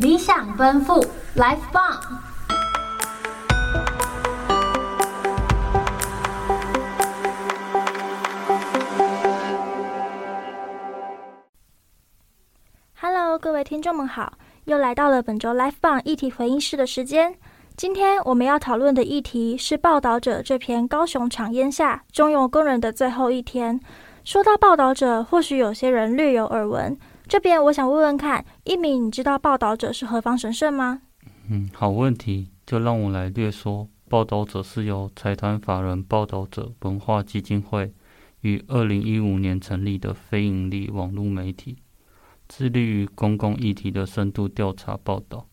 理想奔赴，Life 棒。Hello，各位聽眾們好，又來到了本周 Life 棒議題回應室的時間。今天我們要討論的議題是報導者這篇《高雄廠煙下，中油工人的最後一天》。說到報導者，或許有些人略有耳聞。這邊我想問問看，羿名，你知道報道者是何方神聖嗎？嗯，好問題，就讓我來略說。報道者是由財團法人報道者文化基金會於二零一五年成立的非營利網絡媒體，致力於公共議題的深度調查報道。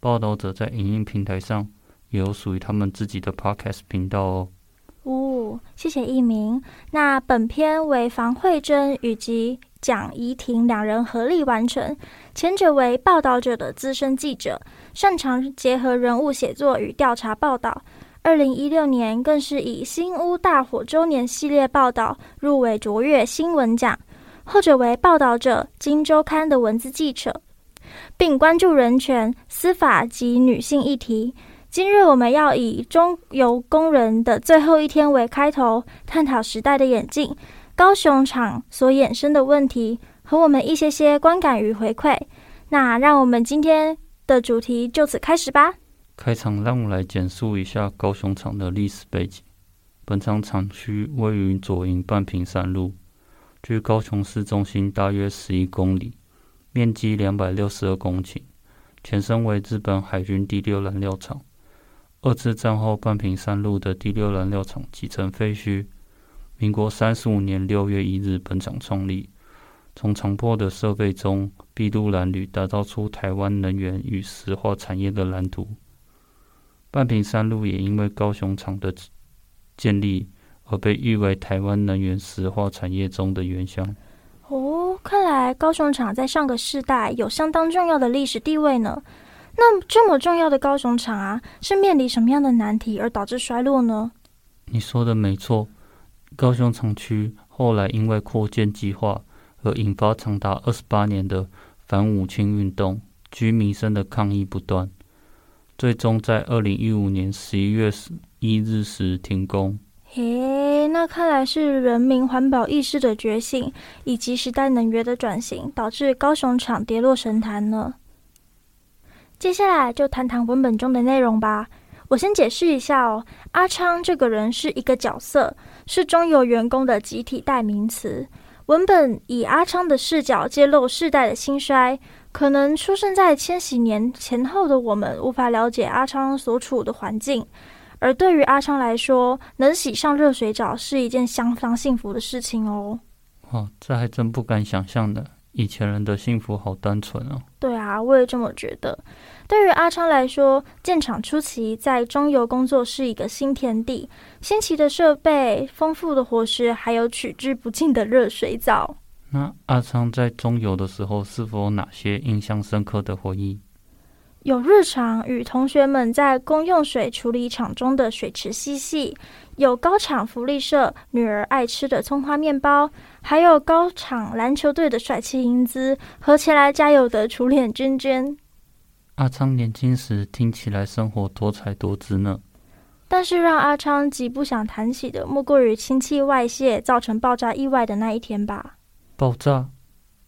報道者在影音平台上也有屬於他們自己的 Podcast 頻道哦。嗚、哦，謝謝羿名。那本片為房慧珍以及。蔣怡婷兩人合力完成，前者為報道者的資深記者，擅長結合人物寫作與調查報道。二零一六年更是以新屋大火周年系列報道入圍卓越新聞獎。後者為報道者《今周刊》的文字記者，並關注人權、司法及女性議題。今日我們要以中油工人的最後一天為開頭，探討時代的演進。高雄廠所衍生的問題和我們一些些觀感與回饋，那讓我們今天的主題就此開始吧。開場，讓我來簡述一下高雄廠的歷史背景。本廠廠區位於左營半屏山麓，距高雄市中心大約十一公里，面積兩百六十二公頃，前身為日本海軍第六燃料廠。二次戰後，半屏山麓的第六燃料廠幾成廢墟。民國三十五年六月一日，本廠創立，從殘破的設備中篳路藍縷，打造出台灣能源與石化產業的藍圖。半屏山麓也因為高雄廠的建立而被譽為台灣能源石化產業中的原鄉。哦，看來高雄廠在上個世代有相當重要的歷史地位呢。那這麼重要的高雄廠啊，是面臨什麼樣的難題而導致衰落呢？你說的沒錯。高雄廠區後來因為擴建計劃而引發長達二十八年的反五輕運動，居民生的抗議不斷，最終在二零一五年十一月十一日時停工。嘿，那看來是人民環保意識的覺醒，以及時代能源的轉型，導致高雄廠跌落神壇了。接下來就談談文本中的內容吧。我先解釋一下哦，阿昌這個人是一個角色，是中油員工的集體代名詞。文本以阿昌的視角揭露世代的興衰。可能出生在千禧年前後的我們，無法了解阿昌所處的環境。而對於阿昌來說，能洗上熱水澡是一件相當幸福的事情哦。哦，這還真不敢想象的。以前人的幸福好單純哦。對啊，我也這麼覺得。對於阿昌來說，建廠初期在中油工作是一個新天地，新奇的設備、豐富的伙食，還有取之不盡的熱水澡。那阿昌在中油的時候，是否有哪些印象深刻的回憶？有日常與同學們在公用水處理廠中的水池嬉戲，有高廠福利社女兒愛吃的蔥花面包，還有高廠籃球隊的帥氣英姿和前來加油的初戀娟娟。阿昌年輕時聽起來生活多采多姿呢，但是讓阿昌極不想談起的，莫過於氫氣外泄造成爆炸意外的那一天吧。爆炸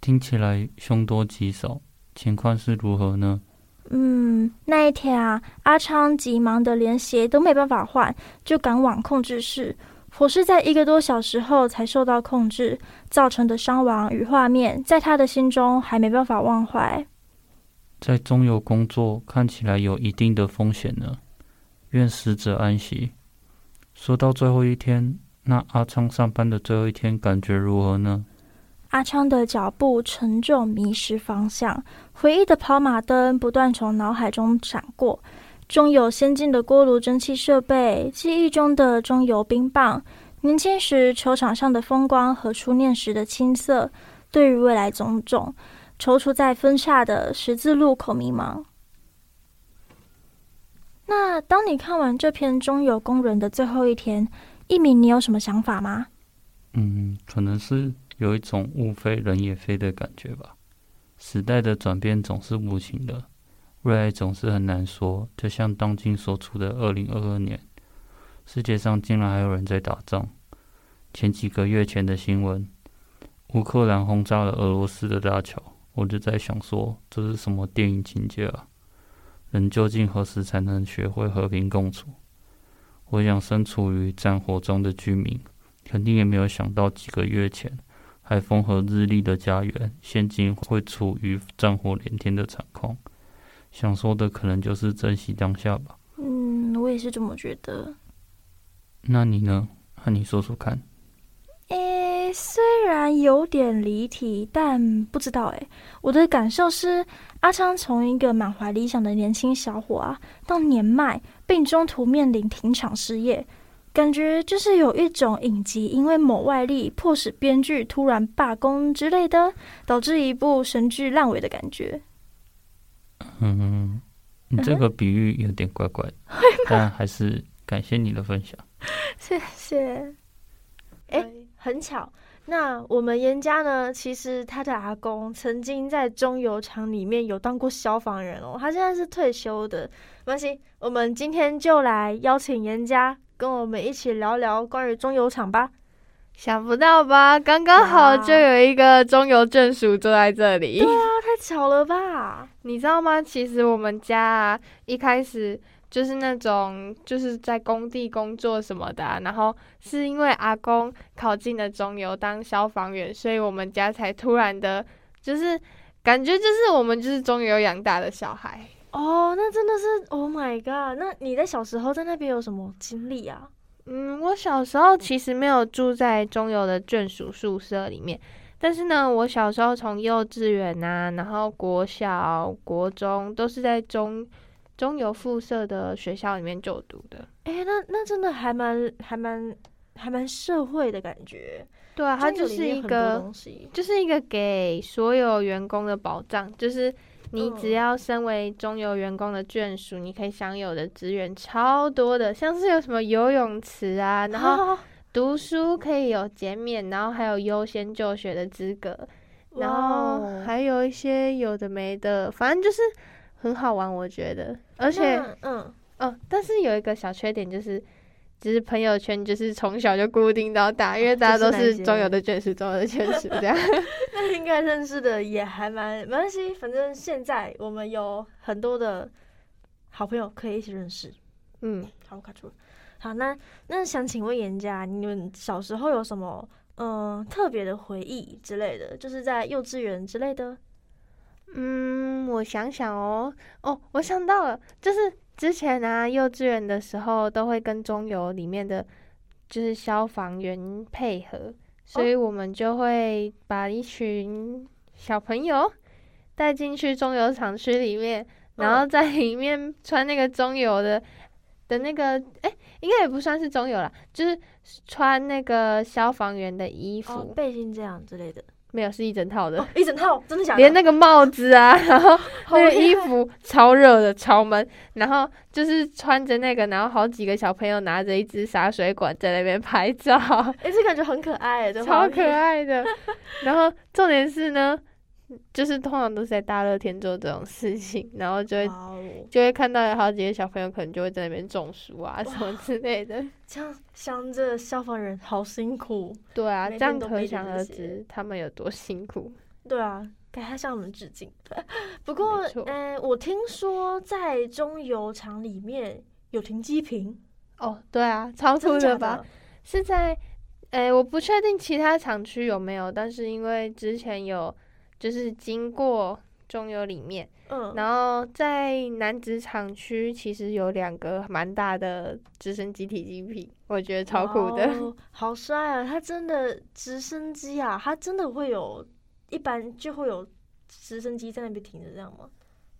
聽起來凶多吉少，情況是如何呢？嗯，那一天啊，阿昌急忙的連鞋都沒辦法換，就趕往控制室。火勢在一個多小時後才受到控制，造成的傷亡與畫面，在他的心中還沒辦法忘懷。在中油工作看起來有一定的風險呢，願死者安息。說到最後一天，那阿昌上班的最後一天感覺如何呢？阿昌的腳步沉重，迷失方向。回憶的跑馬燈不斷從腦海中閃過：中油先進的鍋爐蒸汽設備、記憶中的中油冰棒、年輕時球場上的風光和初戀時的青澀，對於未來種種躊躇在分岔的十字路口，迷茫。那當你看完這篇中油工人的最後一天，羿名，你有什麼想法嗎？嗯，可能是有一種物非人也非的感覺吧。時代的轉變總是無情的，未來總是很難說。就像當今所處的二零二二年，世界上竟然還有人在打仗。前幾個月前的新聞，烏克蘭轟炸了俄羅斯的大橋。我就在想說，這是什麼電影情節啊？人究竟何時才能學會和平共處？我想，身處於戰火中的居民，肯定也沒有想到幾個月前還風和日麗的家園，現今會處於戰火連天的慘況。想說的可能就是珍惜當下吧。嗯，我也是這麼覺得。那你呢？那你說說看。誒、欸，雖然有點離題，但不知道誒、欸。我的感受是，阿昌從一個滿懷理想的年輕小伙啊，到年邁，並中途面臨停廠失業，感覺就是有一種影集因為某外力迫使編劇突然罷工之類的，導致一部神劇爛尾的感覺。嗯，你這個比喻有點怪怪的，嗯、但還是感謝你的分享。會嗎 謝謝。誒、欸。很巧，那我們顏嘉呢？其實他的阿公曾經在中油廠裡面有當過消防員哦，他現在是退休的。沒關係，我們今天就來邀請顏嘉跟我們一起聊聊關於中油廠吧。想不到吧？剛剛好就有一個中油眷屬坐在這裡。啊，對啊，太巧了吧？你知道嗎？其實我們家啊，一開始。就是那種就是在工地工作什麼的、啊，然後是因為阿公考進了中油當消防員，所以我們家才突然的，就是感覺就是我們就是中油養大的小孩哦，那真的是 Oh my god！那你在小時候在那邊有什麼經歷啊？嗯，我小時候其實沒有住在中油的眷屬宿舍裡面，但是呢，我小時候從幼稚園啊，然後國小、國中都是在中。中油附設的學校裡面就讀的，哎、欸，那那真的還蠻還蠻還蠻社會的感覺。對啊，它就是一個就是一個給所有員工的保障。就是你只要身為中油員工的眷屬，嗯、你可以享有的資源超多的，像是有什麼游泳池啊，然後讀書可以有減免，然後還有優先就學的資格，然後還有一些有的沒的，反正就是。很好玩，我覺得，而且，嗯，哦，但是有一個小缺點就是，只、就是朋友圈就是從小就固定到大，啊、因為大家都是中有的舊識，是中有的舊識這樣。 那應該認識的也還蠻，沒關係，反正現在我們有很多的好朋友可以一起認識。嗯，好，我卡住了。好，那那想請問顏嘉，你們小時候有什麼嗯特別的回憶之類的，就是在幼稚園之類的？嗯，我想想哦，哦，我想到了，就是之前啊，幼稚園的時候都會跟中油裡面的，就是消防員配合，所以我們就會把一群小朋友帶進去中油廠區裡面，然後在裡面穿那個中油的的那個，哎、欸，應該也不算是中油啦，就是穿那個消防員的衣服，哦、背心這樣之類的。沒有是一整套的，哦、一整套真的假的？連那個帽子啊，然後那個衣服超熱的，的，超悶，然後就是穿着那個，然後好幾個小朋友拿着一支灑水管在那邊拍照，也、欸、這個、感覺很可愛、欸，這個、超可愛的。然後重點是呢。 就是通常都是在大熱天做這種事情，然後就會 Wow. 就會看到有好幾個小朋友可能就會在那邊中暑啊 wow, 什麼之類的，這樣，像這消防員好辛苦。對啊，這,這樣可想而知他們有多辛苦。對啊，給他向我們致敬。 不過，呃錯、欸，我聽說在中油廠裡面有停機坪。哦，oh, 對啊，超酷的吧？的的是在，誒、欸，我不確定其他廠區有沒有，但是因為之前有。就是經過中油裡面，嗯，然後在楠梓廠區其實有兩個蠻大的直升機停機坪，我覺得超酷的，哦、好帥啊！他真的直升機啊，他真的會有，一般就會有直升機在那邊停着，這樣嗎？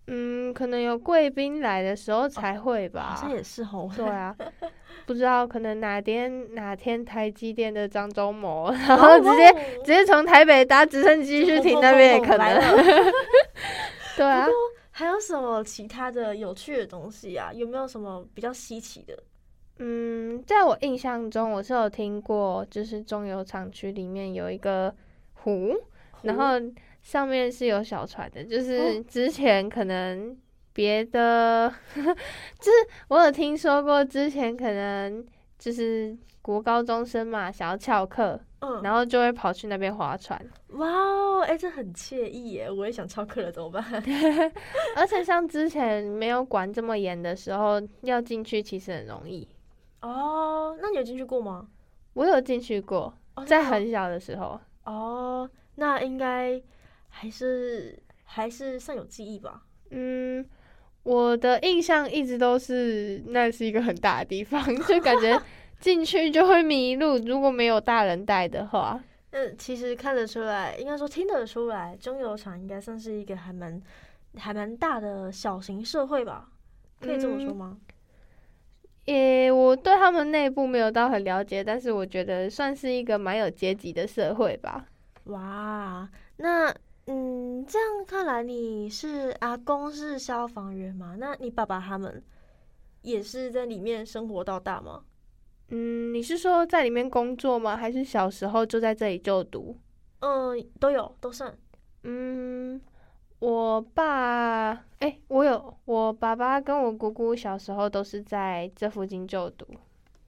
嗯，可能有貴賓來的時候才會吧。哦、好像也是吼，對啊， 不知道可能哪天哪天台積電的張忠謀然後直接、哦哦、直接從台北搭直升機去停那邊，也可能、啊。對啊。還有什麼其他的有趣的東西啊？有沒有什麼比較稀奇的？嗯，在我印象中，我是有聽過，就是中油廠區裡面有一個湖，湖然後。上面是有小船的，就是之前可能別的，哦、 就是我有聽說過之前可能就是國高中生嘛，想要翹課，嗯，然後就會跑去那邊划船。哇，哦，誒、欸，這很愜意耶！我也想翹課了，怎麼辦？而且像之前沒有管這麼嚴的時候， 要進去其實很容易。哦，那你有進去過嗎？我有進去過，在很小的時候。哦，那應該。還是還是算有記憶吧。嗯，我的印象一直都是那是一個很大的地方， 就感覺進去就會迷路，如果沒有大人帶的話。嗯，其實看得出來，應該說聽得出來，中油廠應該算是一個還蠻還蠻大的小型社會吧？可以這麼說嗎？耶、嗯，我對他們內部沒有到很了解，但是我覺得算是一個蠻有階級的社會吧。哇，那。嗯，這樣看來你是阿公是消防員嘛？那你爸爸他們也是在裡面生活到大嗎？嗯，你是說在裡面工作嗎？還是小時候就在這裡就讀？嗯，都有，都算。嗯，我爸，哎、欸，我有我爸爸跟我姑姑小時候都是在這附近就讀。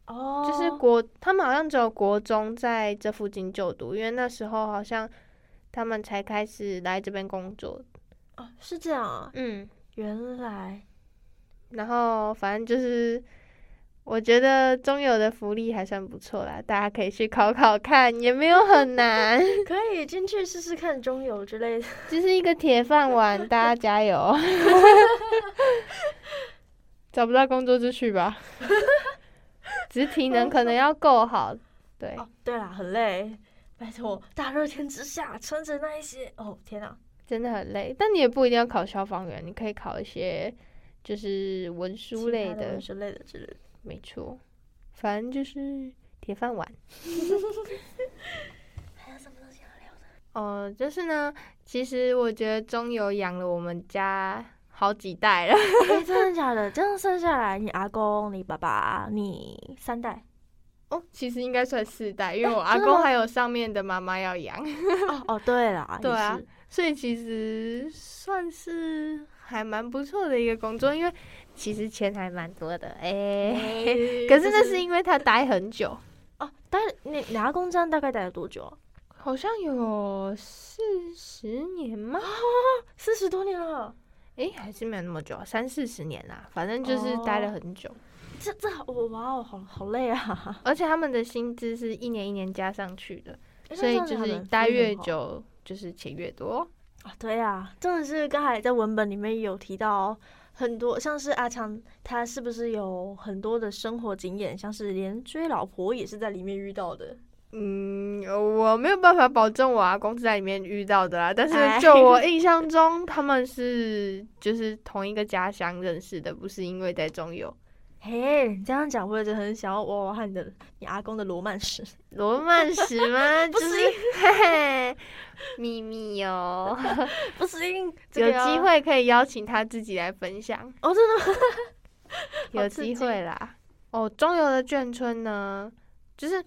哦，就是國，他們好像只有國中在這附近就讀，因為那時候好像。他們才開始來這邊工作。哦，是這樣啊。嗯，原來。然後，反正就是，我覺得中油的福利還算不錯啦，大家可以去考考看，也沒有很難。嗯、可以進去試試看中油之類的，就是一個鐵飯碗， 大家加油。 找不到工作就去吧。 只哈是體能可能要夠好。對。哦、對啦，很累。拜託，大熱天之下，穿着那一些，哦，天哪、啊，真的很累。但你也不一定要考消防員，你可以考一些就是文書類的、文書類的之類的是不是？沒錯。反正就是鐵飯碗。 還有什麼東西要聊的？哦、呃，就是呢，其實我覺得中油養了我們家好幾代了、欸。真的假的？ 這樣算下來，你阿公、你爸爸、你三代。哦，其實應該算四代，因為我阿公還有上面的媽媽要養、啊呵哦。哦對了，對啊，是所以其實算是還蠻不錯的一個工作，嗯、因為其實錢還蠻多的誒。欸欸、可是那是，是因為他待很久哦、啊。待你，你阿公這樣大概待了多久、啊？好像有四十年嗎？四十、啊、多年了？誒、欸，還是沒有那麼久，三四十年啦、啊，反正就是待了很久。哦這這我哇哦，好好累啊！而且他們的薪資是一年一年加上去的，欸、所以就是待能越久就是錢越多啊。對啊，真的是剛才在文本裡面有提到、哦、很多，像是阿昌他是不是有很多的生活經驗，像是連追老婆也是在裡面遇到的？嗯，我沒有辦法保證我阿公是在裡面遇到的啦。但是就我印象中，哎、他們是就是同一個家鄉認識的，不是因為在中油。嘿，hey, 這樣講我就很想要哇！和你的你阿公的羅曼史，羅曼史嗎？ 就是，嘿嘿，秘密喲。 不是。這個、有機會可以邀請他自己來分享。哦，真的嗎？有機會啦。哦，中油的眷村呢，就是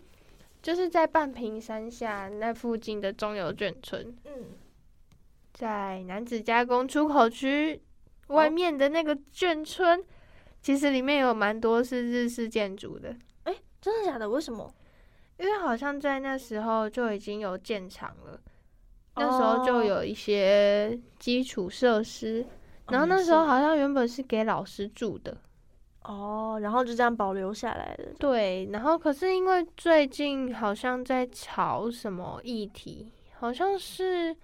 就是在半屏山下那附近的中油眷村。嗯，在楠梓加工出口區外面的那個眷村、哦。其實裡面有蠻多是日式建築的。誒，真的假的？為什麼？因為好像在那時候就已經有建廠了，那時候就有一些基礎設施。然後那時候好像原本是給老師住的。哦，然後就這樣保留下來了。對，然後可是因為最近好像在炒什麼議題，好像是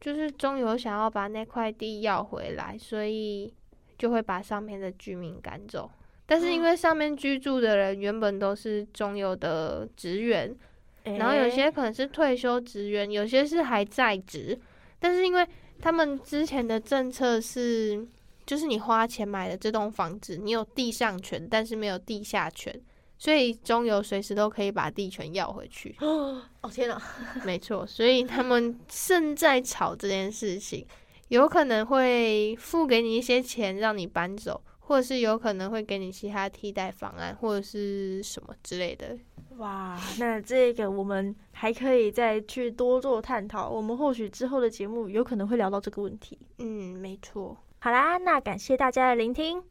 就是中油想要把那塊地要回來，所以。就會把上面的居民趕走，但是因為上面居住的人原本都是中油的職員，誒然後有些可能是退休職員，有些是還在職，但是因為他們之前的政策是，就是你花錢買了這棟房子，你有地上權，但是沒有地下權，所以中油隨時都可以把地權要回去。哦，天吶，沒錯，所以他們正在吵這件事情。有可能會付給你一些錢，讓你搬走，或者是有可能會給你其他替代方案，或者是什麼之類的。哇，那這個我們還可以再去多做探討。 我們或許之後的節目有可能會聊到這個問題。嗯，沒錯。好啦，那感謝大家的聆聽。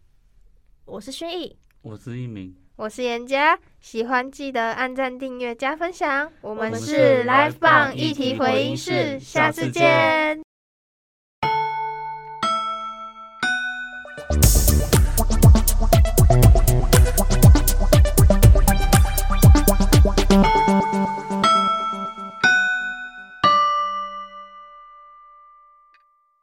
我是萱逸，我是羿名，我是顏嘉。喜歡記得按讚、訂閱、加分享。我們是 LifeBun 議題回應室，下次見。